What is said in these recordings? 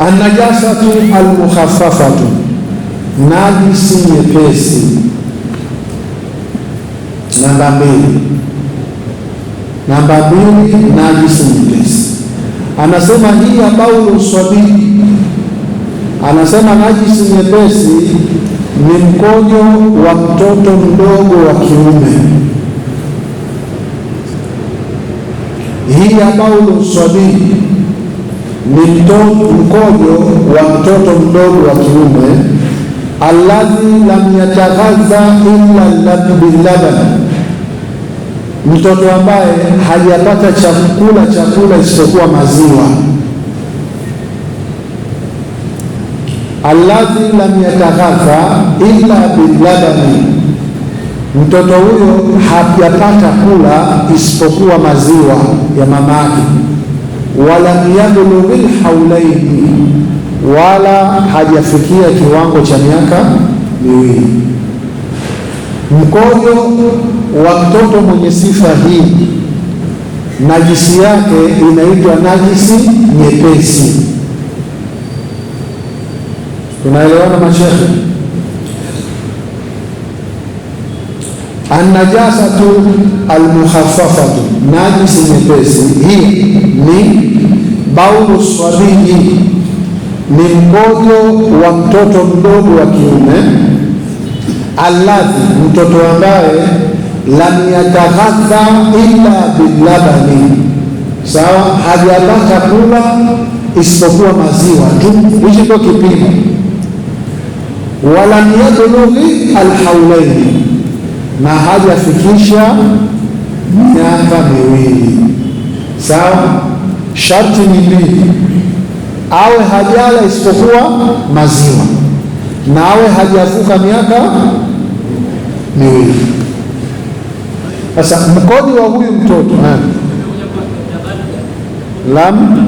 Anajasatu almukhafafatu najisi nyepesi. Namba mbili, namba mbili, najisi nyepesi. Anasema hii ya baulu sabii, anasema najisi nyepesi ni mkojo wa mtoto mdogo wa kiume. hii ya paulo sabii ni mkojo wa mtoto mdogo wa kiume alladhi lam yataghadha illa billaban, mtoto ambaye hajapata chakula chakula isipokuwa maziwa. Alladhi lam yataghadha illa billabani, mtoto huyo hajapata kula isipokuwa maziwa ya mamake walam yablughi lhaulaini, wala hajafikia kiwango cha miaka miwili. Mkojo wa mtoto mwenye sifa hii najisi yake inaitwa najisi nyepesi. Tunaelewana mashekhe? Anajasatu almukhafafatu, najisi nyepesi. Hii ni baulu swabii, ni mkojo wa mtoto mdogo wa kiume. Alladhi, mtoto ambaye lam yataghadha illa bilabani, sawa, hajapata kula isipokuwa maziwa tu. Hichi ndio kipimo. Walam yablughi alhaulaini na hajafikisha miaka miwili. Sawa, sharti ni mbili, awe hajala isipokuwa maziwa na awe hajavuka miaka miwili. Sasa mkodi wa huyu mtoto eh? lam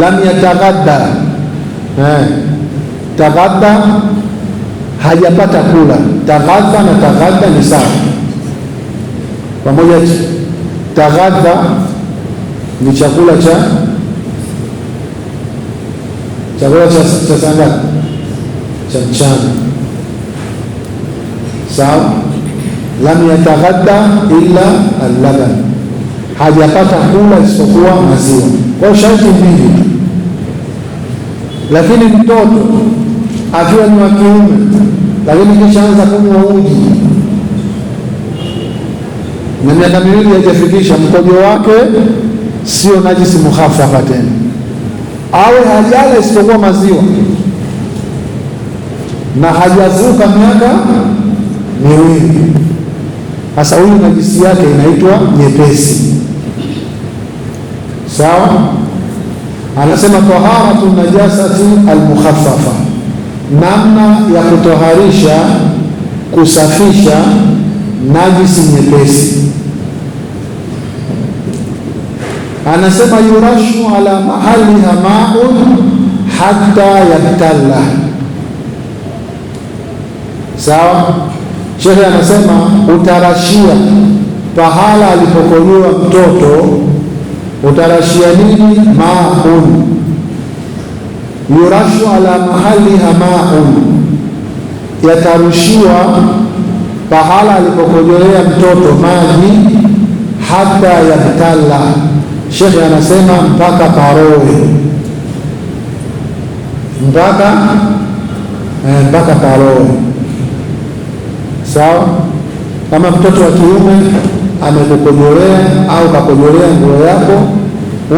lam yataghadda eh, taghadda hajapata kula, taghadha na taghadha ni sawa pamoja. Taghadha ni chakula cha chakula cha cha sanga cha mchana, sawa. Lam yataghadda illa allaban, hajapata kula isipokuwa maziwa. Kwa sharti mbili, lakini mtoto akiwa ni wa kiume, lakini kishaanza kunywa uji na miaka miwili haijafikisha, mkojo wake sio najisi mukhaffafa tena, awe hajala isipokuwa maziwa na hajazuka miaka miwili. Sasa huyu najisi yake inaitwa nyepesi, sawa? Anasema taharatu najasati almukhaffafa namna ya kutoharisha, kusafisha najisi nyepesi. Anasema yurashu ala mahaliha maun hata yaktalla. Sawa, shekhe anasema utarashia pahala alipokoliwa mtoto, utarashia nini? maun yurashu ala mahali hamau yatarushiwa pahala alipokojolea mtoto maji, hata yabtala, shekhe anasema mpaka parowe, mpaka eh, mpaka parowe. Sawa, kama mtoto wa kiume amekukojolea au kakojolea nguo yako,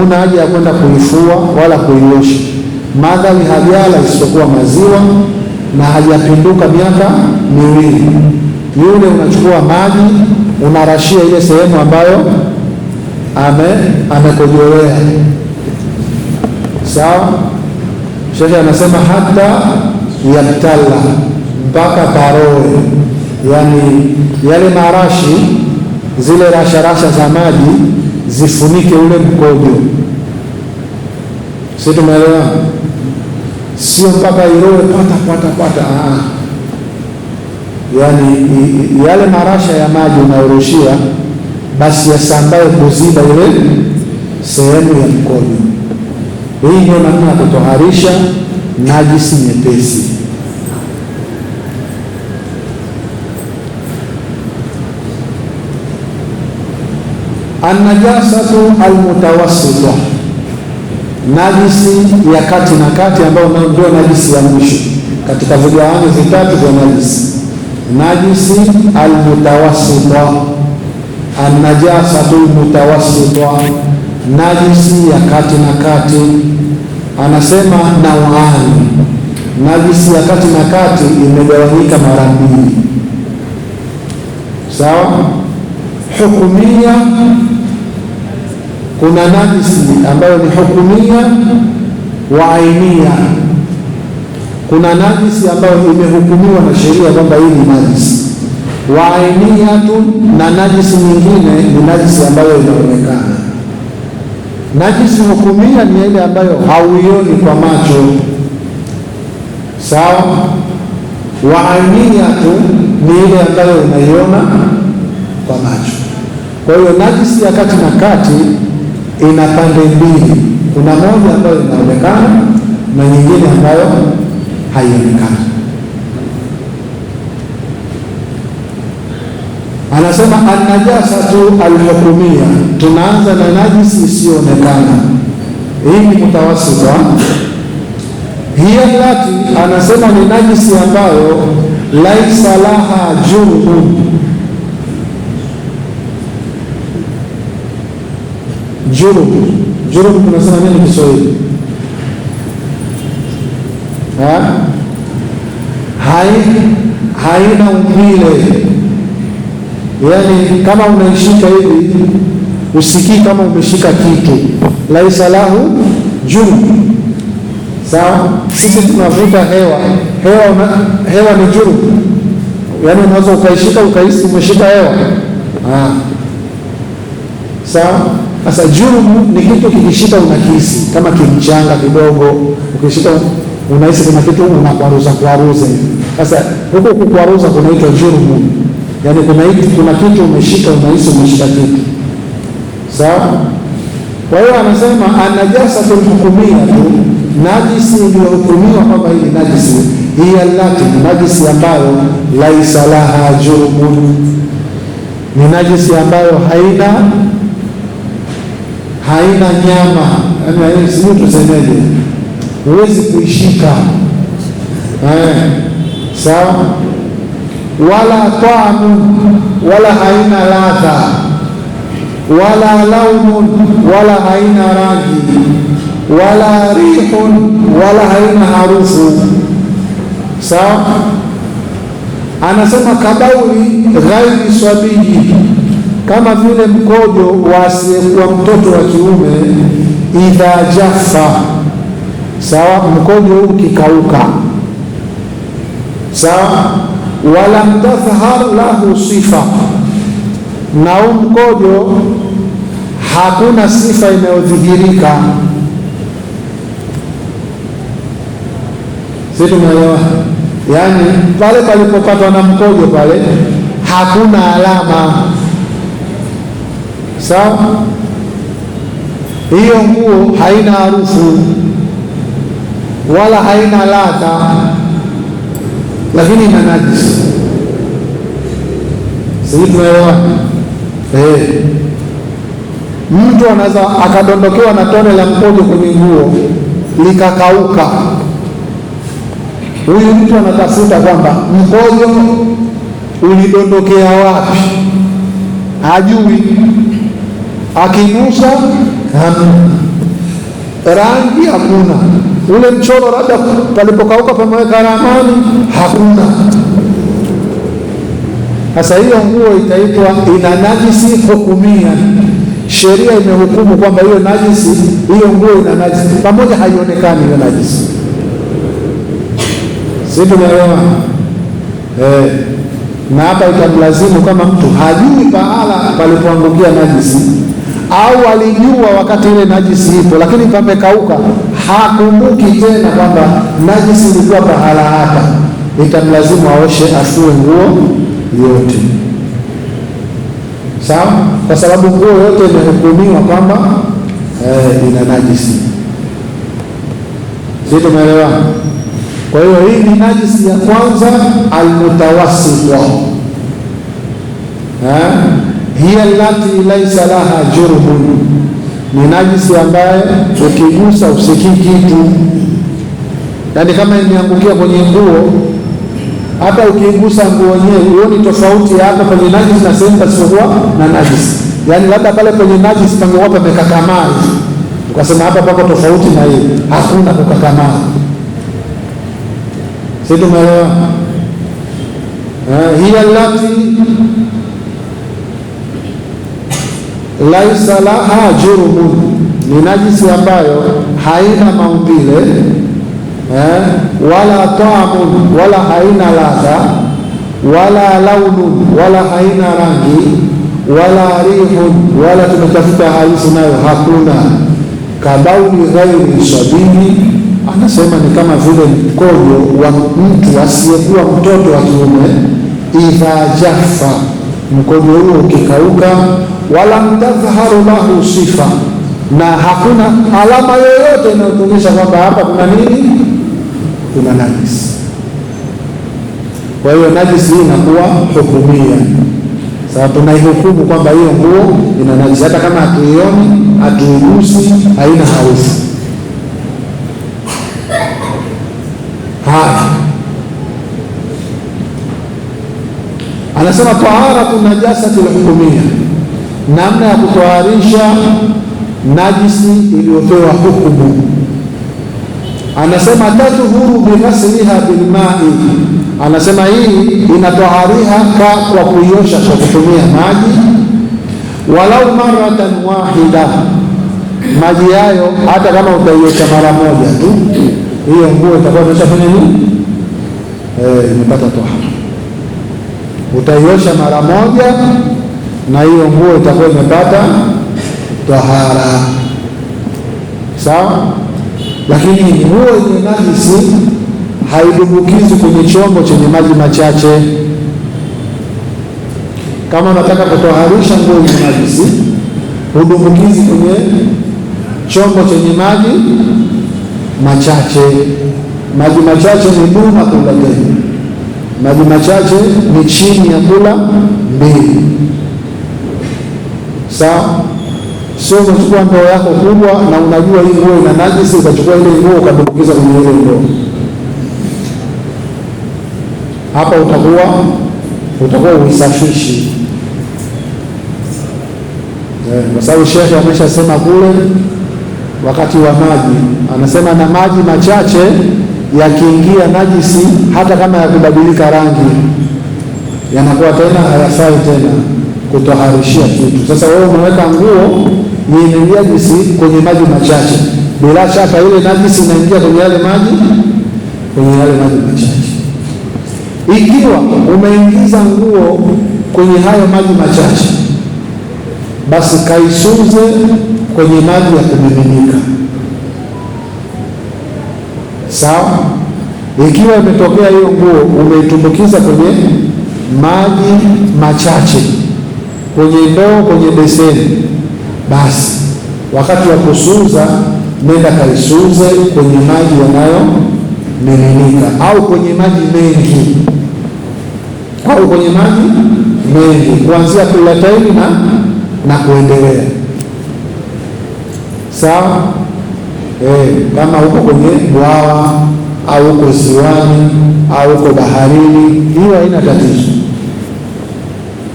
una haja ya kwenda kuifua wala kuiosha madhali hajala isipokuwa maziwa na hajapinduka miaka miwili, yule unachukua maji unarashia ile sehemu ambayo ame amekojolea. Sawa, shekhe anasema hata yabtala, mpaka paroe, yani yale marashi, zile rasharasha za maji zifunike ule mkojo si tumeelewa? Sio mpaka irowe pata pata pata. Yaani yale marasha ya maji unayorushia basi yasambae kuziba ile sehemu ya mkono. Hii ndio namna ya kutoharisha najisi nyepesi. Annajasatu almutawassita najisi ya kati na kati, ambayo ndio najisi ya mwisho katika vigawanyo vitatu vya najisi: najisi almutawassita, annajasatu almutawassita, najisi ya kati na kati. Anasema nauani, najisi ya kati na kati imegawanyika mara mbili, sawa, hukumia kuna najisi ambayo ni hukumia wa ainia, kuna najisi ambayo imehukumiwa na sheria kwamba hii ni najisi wa tu, na najisi nyingine ni najisi ambayo inaonekana. Najisi hukumia ni ile ambayo hauioni kwa macho, sawa. Wa tu ni ile ambayo unaiona kwa macho. Kwa hiyo najisi ya kati na kati ina pande mbili, kuna moja ambayo inaonekana na nyingine ambayo haionekani. Anasema annajasatu alhukumia, tunaanza na najisi isiyoonekana. Hii ni mutawasita. Hiya lati anasema ni najisi ambayo laisa laha jungu juru jurub tunasema nini Kiswahili? Haina umbile, yaani kama unaishika hivi usikii kama umeshika kitu. Laisa lahu juru Sawa, sisi tunavuta hewa, hewa una, hewa ni juru yaani unaweza ukaishika ukahisi umeshika hewa. Sawa. Sasa jurumu ni kitu kikishika unakihisi kama kimchanga kidogo, ukishika unahisi kuna kitu unakwaruza kwaruze. Sasa huko kukwaruza kunaitwa jurumu, yani kuna kitu umeshika, unahisi umeshika kitu sawa. Kwa hiyo anasema anajasa hukumia tu, najisi iliyohukumiwa kwamba hii najisi hiya lati najisi ambayo laisa laha jurumun, ni najisi ambayo haina haina nyama, yaani, yaani sijui tusemeje, huwezi kuishika eh, sawa. Wala taamu, wala haina ladha, wala laumun, wala haina rangi, wala rihun, wala haina harufu, sawa. Anasema kabauli ghairi swabihi kama vile mkojo wa asiyekuwa mtoto wa kiume idha jaffa, sawa, mkojo huu ukikauka, sawa, walam tadhhar lahu sifa, na huu mkojo hakuna sifa inayodhihirika. Si tumeelewa? Yani pale palipopatwa na mkojo pale hakuna alama sawa. Hiyo nguo haina harufu wala haina ladha, lakini ina najisi. Sisi tunaelewa eh? Mtu anaweza akadondokewa na tone la mkojo kwenye nguo likakauka. Huyu mtu anatafuta kwamba mkojo ulidondokea wapi, hajui akinusa hamna, rangi hakuna, ule mchoro labda palipokauka pameweka ramani hakuna. Sasa hiyo nguo itaitwa ina najisi hukumia, sheria imehukumu kwamba hiyo najisi, hiyo nguo ina najisi, pamoja haionekani hiyo najisi, si tunaelewa eh? Na hapa itamlazimu kama mtu hajui pahala palipoangukia najisi au alijua wakati ile najisi ipo, lakini pamekauka, hakumbuki tena kwamba najisi ilikuwa pahala hapa, itamlazimu aoshe, afue nguo yote sawa, kwa sababu nguo yote imehukumiwa kwamba eh, ina najisi. Si tumeelewa Kwa hiyo hii ni najisi ya kwanza, almutawasita eh? hiya lati laisa laha jurbun, ni najisi ambaye ukigusa usikii kitu. Yani kama imeangukia kwenye nguo, hata ukigusa nguo yenyewe huoni tofauti ya kwenye najisi na sehemu pasipokuwa na najisi. Yani labda pale kwenye najisi pangekuwa pamekakamaa, ukasema hapa pako tofauti na hii, hakuna kukakamaa. Si tumeelewa? Eh, hiya lati laisa laha jurumun, ni najisi ambayo haina maumbile eh, wala taamun, wala haina ladha, wala launun, wala haina rangi, wala rihun, wala tumetafuta harufu nayo hakuna. Kabauli ghairi shabihi anasema ni kama vile mkojo wa mtu asiyekuwa mtoto wa kiume, idha jafa, mkojo huo ukikauka walam tadhharu lahu sifa, na hakuna alama yoyote inayotuonyesha kwamba hapa kuna nini, kuna najisi. Kwa hiyo najisi hii inakuwa hukumia. Sasa tunaihukumu kwamba hiyo nguo ina najisi, hata kama hatuioni, hatuigusi, haina harufu. Haya, anasema taharatu najasati lhukumia namna ya kutoharisha najisi iliyopewa hukumu. Anasema tatuhuru bighasliha bilmai, anasema hii ka kwa kuiosha kwa kutumia maji, walau maratan wahida. Maji hayo hata kama utaiosha mara moja tu, hiyo nguo itakuwa imeshafanya nini? Eh, imepata tohara. Utaiosha mara moja na hiyo nguo itakuwa imepata tahara, sawa. Lakini nguo yenye najisi haidumbukizi kwenye chombo chenye maji machache. Kama unataka kutoharisha nguo yenye najisi, hudumbukizi kwenye chombo chenye maji machache. Maji machache ni duma kula maji machache ni chini ya kula mbili sawa. Sio unachukua ndoo yako kubwa na unajua hii nguo ina najisi, ukachukua ile nguo ukadumbukiza kwenye ile ndoo, hapa utakuwa utakuwa uisafishi eh, kwa sababu shekhe ameshasema kule wakati wa maji, anasema na maji machache yakiingia najisi, hata kama yakubadilika rangi, yanakuwa tena hayafai tena kutoharishia kitu. Sasa wewe umeweka nguo imeingia najisi kwenye maji machache, bila shaka ile najisi inaingia kwenye yale maji kwenye yale maji machache. Ikiwa umeingiza nguo kwenye hayo maji machache, basi kaisuze kwenye maji ya kumiminika, sawa. Ikiwa imetokea hiyo nguo umeitumbukiza kwenye maji machache kwenye ndoo, kwenye beseni, basi wakati wa kusuza, nenda kaisuze kwenye maji yanayomiminika, au kwenye maji mengi, au kwenye maji mengi, kuanzia kulataini na na kuendelea. Sawa eh, kama huko kwenye bwawa au huko ziwani au huko baharini, hiyo haina tatizo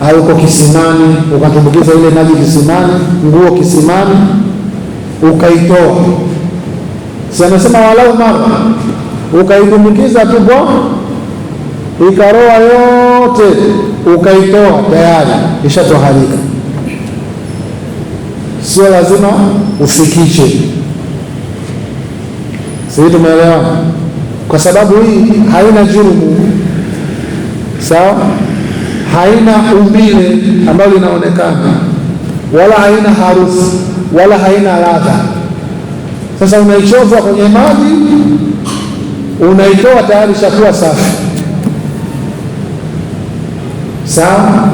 au uko kisimani ukatumbukiza ile maji kisimani, nguo kisimani ukaitoa, si anasema walau mara ukaitumbukiza tupo ikaroa yote ukaitoa, tayari ishatoharika, sio lazima usikiche. Sisi tumeelewa, kwa sababu hii haina jurumu, sawa haina umbile ambalo linaonekana, wala haina harufu, wala haina ladha. Sasa unaichovwa kwenye maji, unaitoa tayari, shakuwa safi, sawa,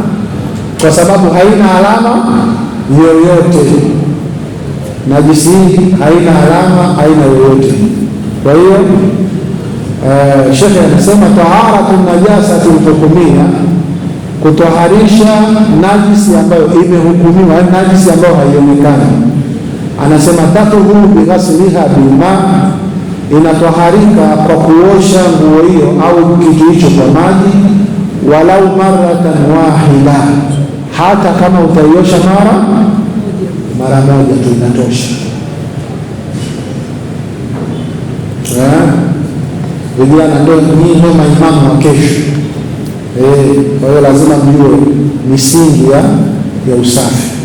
kwa sababu haina alama yoyote. Najisi haina alama, haina yoyote. Kwa hiyo uh, eh, shekhe anasema taharatu najasa hukumia kutoharisha najisi ambayo imehukumiwa, yaani najisi ambayo haionekani. Anasema huu bighasliha bima, inatoharika kwa kuosha nguo hiyo au kitu hicho kwa maji, walau maratan wahida, hata kama utaiosha mara mara moja tu inatosha. Eh? Vijana ndio nyinyi ndio imamu wa kesho Eh, kwa hiyo lazima mjue misingi ya usafi.